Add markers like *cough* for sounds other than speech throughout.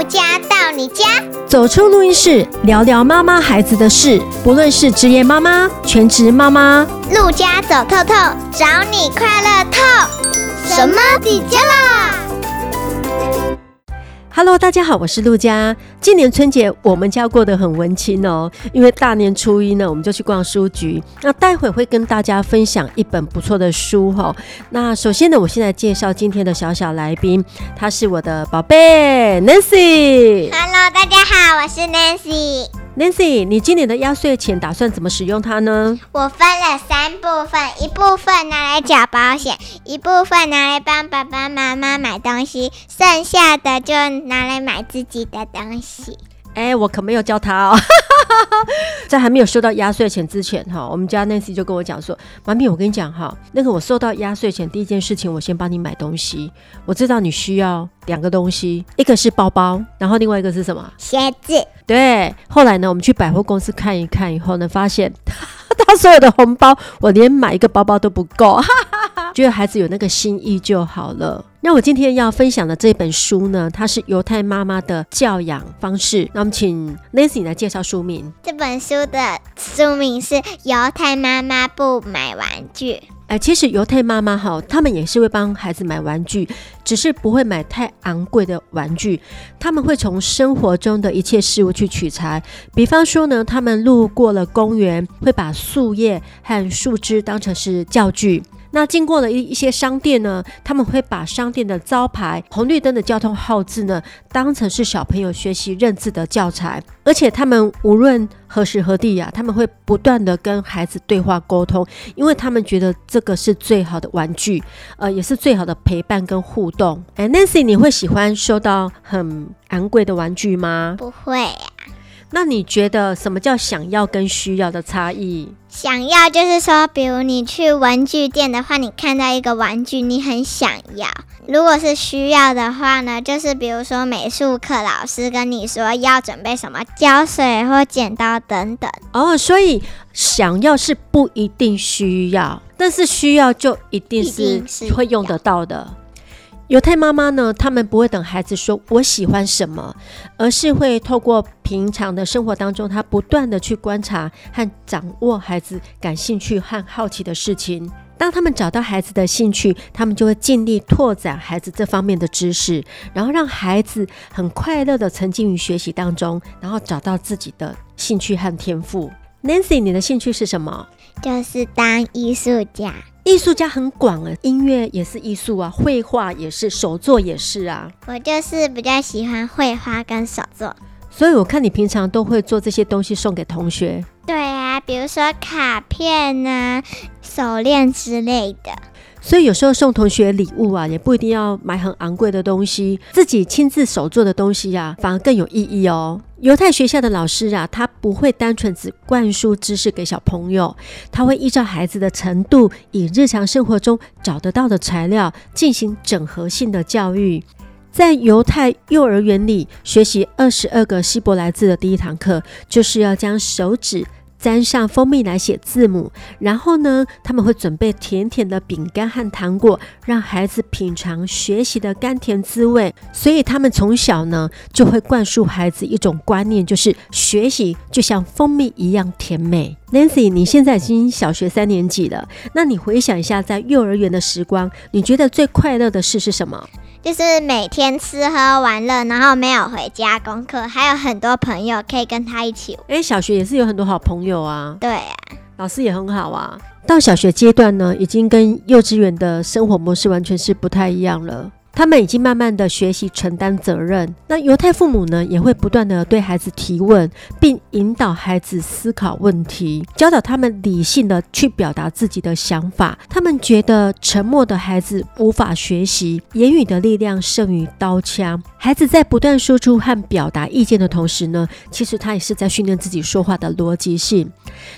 陸家到你家，走出錄音室，聊聊媽媽孩子的事。不論是職業媽媽、全職媽媽，陸家走透透，找你快樂透。神媽底加拉？Hello，大家好，我是陸家。今年春節我們家過得很溫馨哦，因為大年初一呢，我們就去逛書局。那待會會跟大家分享一本不錯的書哈、哦。那首先呢，我現在介紹今天的小小來賓，她是我的寶貝 Nancy。Hello，大家好，我是 Nancy。Nancy，你今年的壓歲錢打算怎麼使用它呢？我分了三部分，一部分拿來繳保險，一部分拿來幫爸爸媽媽買東西，剩下的就拿來買自己的東西。哎是、欸，我可沒有教他哦。 *laughs* 在還沒有收到壓歲錢之前哈，我們家 Nancy 就跟我講說：“媽咪，我跟你講哈，那個我收到壓歲錢第一件事情，我先幫你買東西。我知道你需要兩個東西，一個是包包，然後另外一個是什麼？鞋子。對。後來呢，我們去百貨公司看一看以後呢，發現 *laughs* 他所有的紅包，我連買一個包包都不夠。 *laughs* 覺得孩子有那個心意就好了。那我今天要分享的這本書呢，它是猶太媽媽的教養方式。那我們請 Nancy 來介紹書名。這本書的書名是《猶太媽媽不買玩具》。誒，其實猶太媽媽哈，他們也是會幫孩子買玩具，只是不會買太昂貴的玩具。他們會從生活中的一切事物去取材，比方說呢，他們路過了公園，會把樹葉和樹枝當成是教具。那經過了一一些商店呢，他們會把商店的招牌、紅綠燈的交通號誌呢，當成是小朋友學習認字的教材。而且他們無論何時何地呀、啊，他們會不斷的跟孩子對話溝通，因為他們覺得這個是最好的玩具，呃，也是最好的陪伴跟互動。哎、欸，Nancy，你會喜歡收到很昂貴的玩具嗎？不會。那你覺得什麼叫想要跟需要的差異？想要就是說，比如你去文具店的話，你看到一個玩具，你很想要。如果是需要的話呢，就是比如說美術課老師跟你說要準備什麼膠水或剪刀等等。哦，所以想要是不一定需要，但是需要就一定是會用得到的。猶太媽媽呢，他們不會等孩子說“我喜歡什麼”，而是會透過平常的生活當中，他不斷的去觀察和掌握孩子感興趣和好奇的事情。當他們找到孩子的興趣，他們就會盡力拓展孩子這方面的知識，然後讓孩子很快樂的沉浸於學習當中，然後找到自己的興趣和天賦。Nancy，你的興趣是什麼？就是當藝術家。藝術家很廣啊，音樂也是藝術啊，繪畫也是，手作也是啊。我就是比較喜歡繪畫跟手作，所以我看你平常都會做這些東西送給同學。對啊，比如說卡片啊、手鏈之類的。所以有時候送同學禮物啊，也不一定要買很昂貴的東西，自己親自手做的東西啊，反而更有意義哦。猶太學校的老師啊，他不會單純只灌輸知識給小朋友，他會依照孩子的程度，以日常生活中找得到的材料，進行整合性的教育。在猶太幼兒園裡學習二十二個希伯來字的第一堂課，就是要將手指。沾上蜂蜜來寫字母，然後呢，他們會準備甜甜的餅乾和糖果，讓孩子品嘗學習的甘甜滋味。所以他們從小呢，就會灌輸孩子一種觀念，就是學習就像蜂蜜一樣甜美。Nancy，你現在已經小學三年級了，那你回想一下在幼兒園的時光，你覺得最快樂的事是什麼？就是每天吃喝玩樂，然後沒有回家功課，還有很多朋友可以跟他一起玩。哎、欸，小學也是有很多好朋友啊，對啊，老師也很好啊。到小學階段呢，已經跟幼稚園的生活模式完全是不太一樣了。他們已經慢慢的學習承擔責任。那猶太父母呢，也會不斷的對孩子提問，並引導孩子思考問題，教導他們理性的去表達自己的想法。他們覺得沉默的孩子無法學習，言語的力量勝於刀槍。孩子在不斷說出和表達意見的同時呢，其實他也是在訓練自己說話的邏輯性。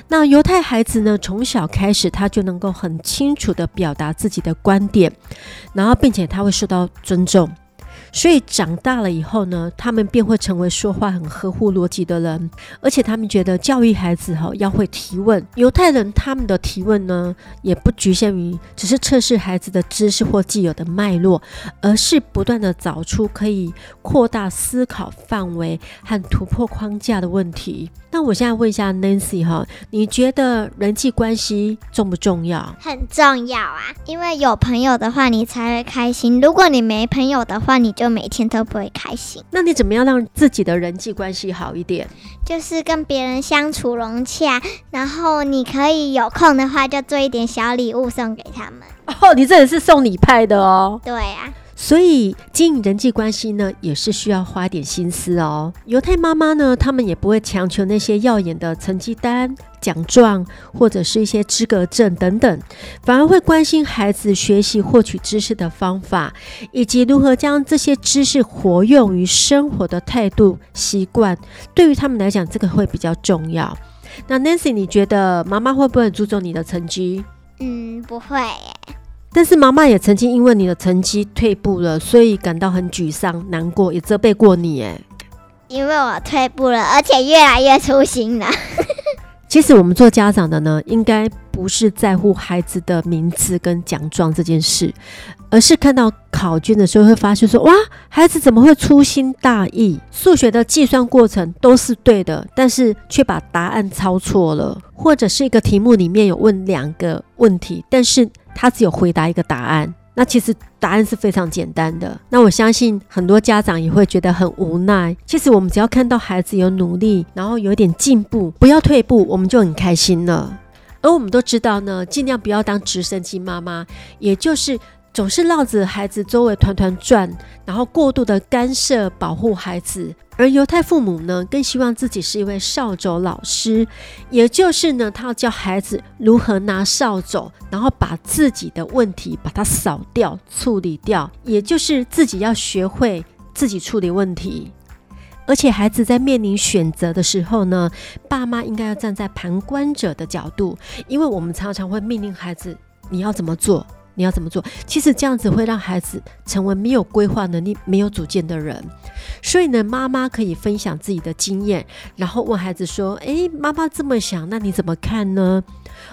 那猶太孩子呢，從小開始他就能夠很清楚地表達自己的觀點，然後並且他會受到尊重。所以長大了以後呢，他們便會成為說話很合乎邏輯的人，而且他們覺得教育孩子哈要會提問。猶太人他們的提問呢，也不局限於只是測試孩子的知識或既有的脈絡，而是不斷的找出可以擴大思考範圍和突破框架的問題。那我現在問一下 Nancy 哈，你覺得人際關係重不重要？很重要啊，因為有朋友的話你才會開心。如果你沒朋友的話，你。就每天都不會開心。那你怎麼樣讓自己的人際關係好一點？就是跟別人相處融洽，然後你可以有空的話就做一點小禮物送給他們。哦，你這也是送禮派的哦。對啊。所以，經營人際關係呢，也是需要花點心思哦。猶太媽媽呢，他們也不會強求那些耀眼的成績單、獎狀或者是一些資格證等等，反而會關心孩子學習獲取知識的方法，以及如何將這些知識活用於生活的態度、習慣。對於他們來講，這個會比較重要。那 Nancy，你覺得媽媽會不會很注重你的成績？嗯，不會耶。但是媽媽也曾經因為你的成績退步了，所以感到很沮喪、難過，也責備過你誒。因為我退步了，而且越來越粗心了。 *laughs* 其實我們做家長的呢，應該不是在乎孩子的名次跟獎狀這件事，而是看到考卷的時候，會發現說，哇，孩子怎麼會粗心大意？數學的計算過程都是對的，但是卻把答案抄錯了，或者是一個題目裡面有問兩個問題，但是他只有回答一個答案。那其實答案是非常簡單的。那我相信很多家長也會覺得很無奈。其實我們只要看到孩子有努力，然後有點進步，不要退步，我們就很開心了。而我們都知道呢，儘量不要當直升機媽媽，也就是，總是繞着孩子周圍團團轉，然後過度的干涉保護孩子，而猶太父母呢，更希望自己是一位掃帚老師，也就是呢，他要教孩子如何拿掃帚，然後把自己的問題把它掃掉、處理掉，也就是自己要學會自己處理問題。而且，孩子在面臨選擇的時候呢，爸媽應該要站在旁觀者的角度，因為我們常常會命令孩子：“你要怎麼做？”你要怎麼做？其實這樣子會讓孩子成為沒有規劃能力、沒有主見的人。所以呢，媽媽可以分享自己的經驗，然後問孩子說：“哎，媽媽這麼想，那你怎麼看呢？”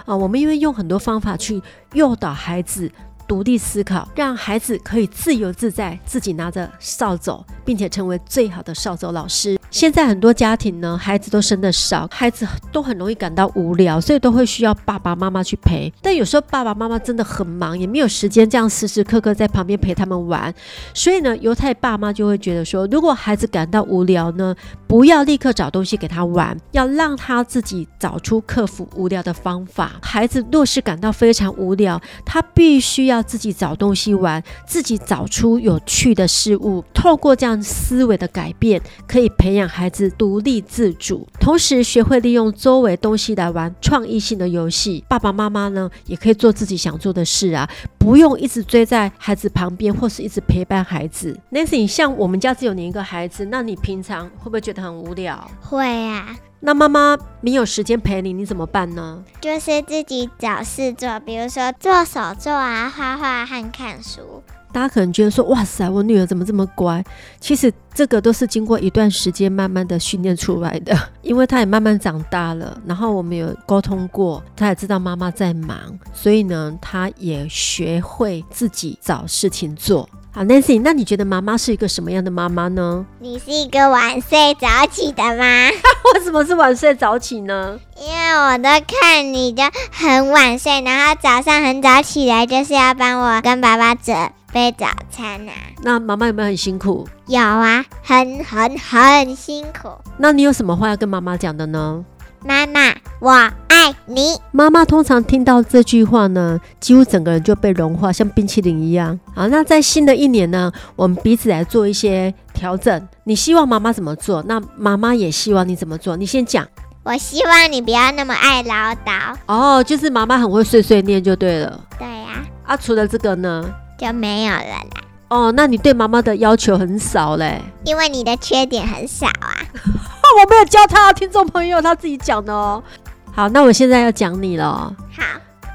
啊，我們因為用很多方法去誘導孩子獨立思考，讓孩子可以自由自在，自己拿着掃帚，並且成為最好的掃帚老師。現在很多家庭呢，孩子都生得少，孩子都很容易感到無聊，所以都會需要爸爸媽媽去陪。但有時候爸爸媽媽真的很忙，也沒有時間這樣時時刻刻在旁邊陪他們玩。所以呢，猶太爸媽就會覺得說，如果孩子感到無聊呢，不要立刻找東西給他玩，要讓他自己找出克服無聊的方法。孩子若是感到非常無聊，他必須要自己找東西玩，自己找出有趣的事物。透過這樣思維的改變，可以培養。養孩子獨立自主，同時學會利用周圍東西來玩創意性的遊戲。爸爸媽媽呢，也可以做自己想做的事啊，不用一直追在孩子旁邊，或是一直陪伴孩子。Nancy，像我們家只有你一個孩子，那你平常會不會覺得很無聊？會啊。那媽媽沒有時間陪你，你怎麼辦呢？就是自己找事做，比如說做手作啊、畫畫和看書。大家可能覺得說：“哇塞，我女兒怎麼這麼乖？”其實這個都是經過一段時間慢慢的訓練出來的，因為她也慢慢長大了。然後我們有溝通過，她也知道媽媽在忙，所以呢，她也學會自己找事情做。好，Nancy，那你覺得媽媽是一個什麼樣的媽媽呢？你是一個晚睡早起的嗎？ *laughs* 為什麼是晚睡早起呢？因為我都看你就很晚睡，然後早上很早起來，就是要幫我跟爸爸準備早餐啊。那媽媽有沒有很辛苦？有啊，很很很辛苦。那你有什麼話要跟媽媽講的呢？媽媽，我愛你。媽媽通常聽到這句話呢，幾乎整個人就被融化，像冰淇淋一樣。好，那在新的一年呢，我們彼此來做一些調整。你希望媽媽怎麼做？那媽媽也希望你怎麼做？你先講。我希望你不要那麼愛嘮叨。哦，就是媽媽很會碎碎念，就對了。對呀。啊，啊除了這個呢，就沒有了啦。哦，那你對媽媽的要求很少嘞？因為你的缺點很少啊。 *laughs* 我沒有教他，聽眾朋友他自己講的喔。好，那我現在要講你了。好，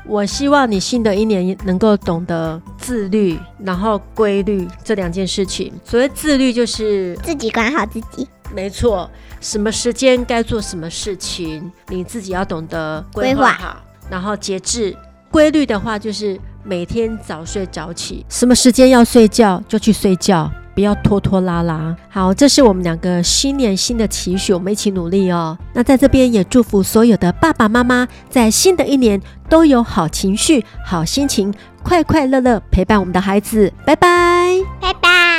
我希望你新的一年能夠懂得自律，然後規律這兩件事情。所謂自律，就是自己管好自己。沒錯，什麼時間該做什麼事情，你自己要懂得規劃好，劃然後節制。規律的話，就是每天早睡早起，什麼時間要睡覺就去睡覺。不要拖拖拉拉。好，這是我們兩個新年新的期許，我們一起努力哦。那在這邊也祝福所有的爸爸媽媽，在新的一年都有好情緒、好心情，快快樂樂陪伴我們的孩子。拜拜。拜拜。